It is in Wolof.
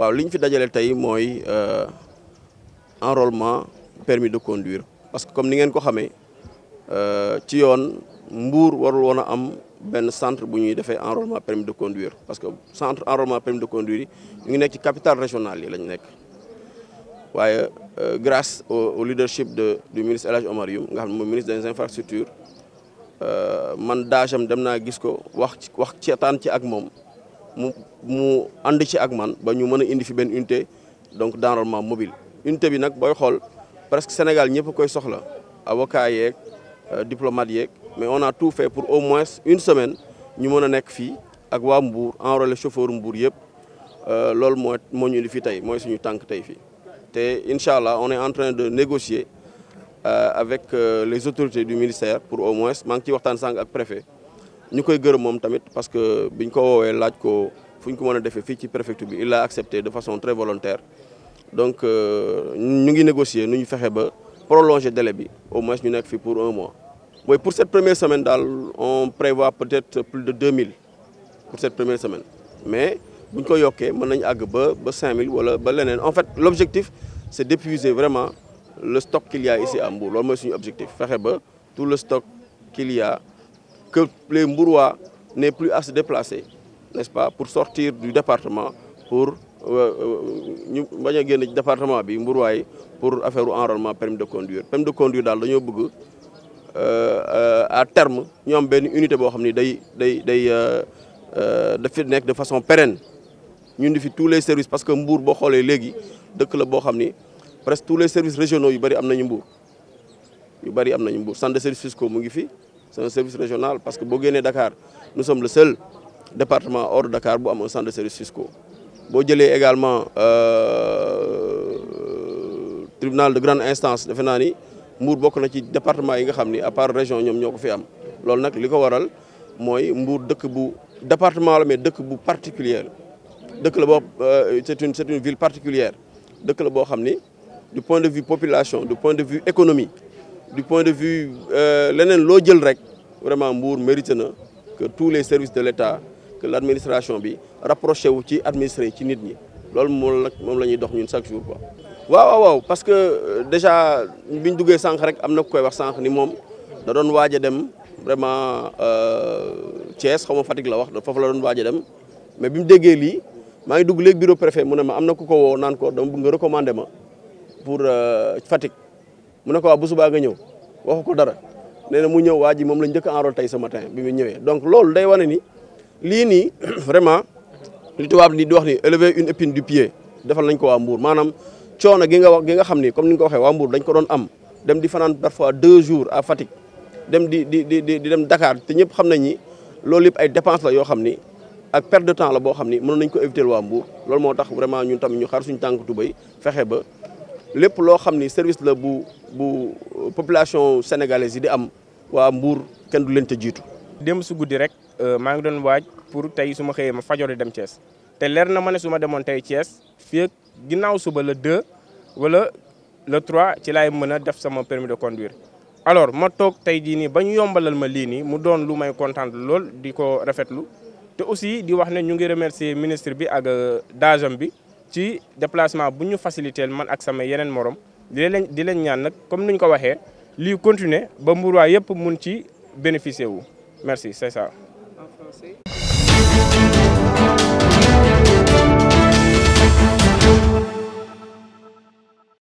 waaw li fi dajale euh, enrôlement permis de conduire parce que comme ni ngeen ko xamee euh, ci Mbour warul woon a am centre bu ñuy enrôlement permis de conduire parce que centre enrôlement permis de conduire est ñu capital régional. capitale régionale euh, grâce au leadership de du ministre de Omarium, le ministre des infrastructures man daajam dem naa gis ko wax wax ceetaan ci ak mu mu ànd ci ak man ba ñu mëna indi fi ben unité donc d'enrôlement mobile. unité bi nak boy xol presque Sénégal ñëpp koy soxla avocat avocats, euh, diplomate mais on a tout fait pour au moins une semaine ñu mëna a nekk fii ak wa Mbour enrôler chauffeur Mbour yëpp euh, loolu moo moo ñu indi fii tey mooy suñu tank tay fi té inshallah on est en train de négocier euh, avec les autorités du ministère pour au moins mang ci waxtan sang ak préfet. Nous koy gërëm tamit parce que nous avons fait un ko ko a il a accepté de façon très volontaire donc euh, ñu ngi négocier nu ñu fexe ba prolonger délai bi au moins nous avons fait pour un mois. Oui, pour cette première semaine on prévoit peut-être plus de 2000 pour cette première semaine mais nous avons ko yokkee ba ba 5000 wala en fait l'objectif c'est d'épuiser vraiment le stock qu'il y a ici à Mbour C'est notre suñu objectif fexe ba tout le stock qu'il y a que les Mourois n'aient plus à se déplacer, n'est-ce pas, pour sortir du département, pour euh, euh, ñu bañ département bi Mbour pour affaire enrôlement permis de conduire permis de conduire dans dañoo bëgg euh, à terme nous avons une unité bo xamni day day day de façon pérenne Nous di tous les services parce que Mbour bo xolé légui deuk la bo xamni presque tous les services régionaux yu bari amna ñu Mbour yu bari amna ñu Mbour centre de services fiscaux mu ngi fi c'est un service régional parce que Dakar nous sommes le seul département hors Dakar bu a un centre de service fiscaux boo jëlee également euh, tribunal de grande instance de Fenani, ni Mbour département à part région ñoom qui fi am département mais particulier euh, c'est une une ville particulière du point de vue population du point de vue économie du point de vue euh, leneen loo jël rek vraiment Mbour mérite na que tous les services de l'État que l'administration bi rapproché wu ci administré ci nit ñi loolu moom la moom la dox ñun chaque jour quoi. waaw waaw parce que euh, déjà biñ duggé sank rek amna na ku koy wax sank ni mom da doon waaj dem vraiment euh, Thiès xaw ma Fatick la wax fofu la doon waaj dem mais bi déggé li ma ngi dugg léegi bureau préfet mu ne ma am na ku ko woo naan ko dama bëgg nga recommander ma pour euh, Fatick mu ne ko nga dara donc ni vraiment li ni di wax ni élever une épine du pied defal nañ ko comme ni nga ko waxee dañ ko di parfois deux jours à fatigue. dem di di di di dem Dakar te ñëpp xam ni loolu yëpp ay dépenses la perte de temps la boo ko éviter tax vraiment ñun tam ñu xar suñu lépp loo xam ni service la bu bu population sénégalaise yi di am waa mbuur kenn du leen te jiitu. dem su guddi rek euh, maa ngi doon waaj pour tey su ma xëyee ma fajoo di dem cees te leer na ma ne su ma demoon tey cees fii ginnaaw suba le 2 wala le 3 ci laay mën a def sama permis de conduire. alors ma toog tey jii nii ba ñu yombalal ma lii nii mu doon lu may kontaan lool di ko rafetlu te aussi di wax ne ñu ngi remercier ministre bi ak euh, daajam bi. ci déplacement bu ñu facilité man ak sama yenen morom di leen ñaan nak comme nuñ ko waxé li continuer ba Mbour waa yëpp mun ci bénéficier wu merci c'est ça. en français.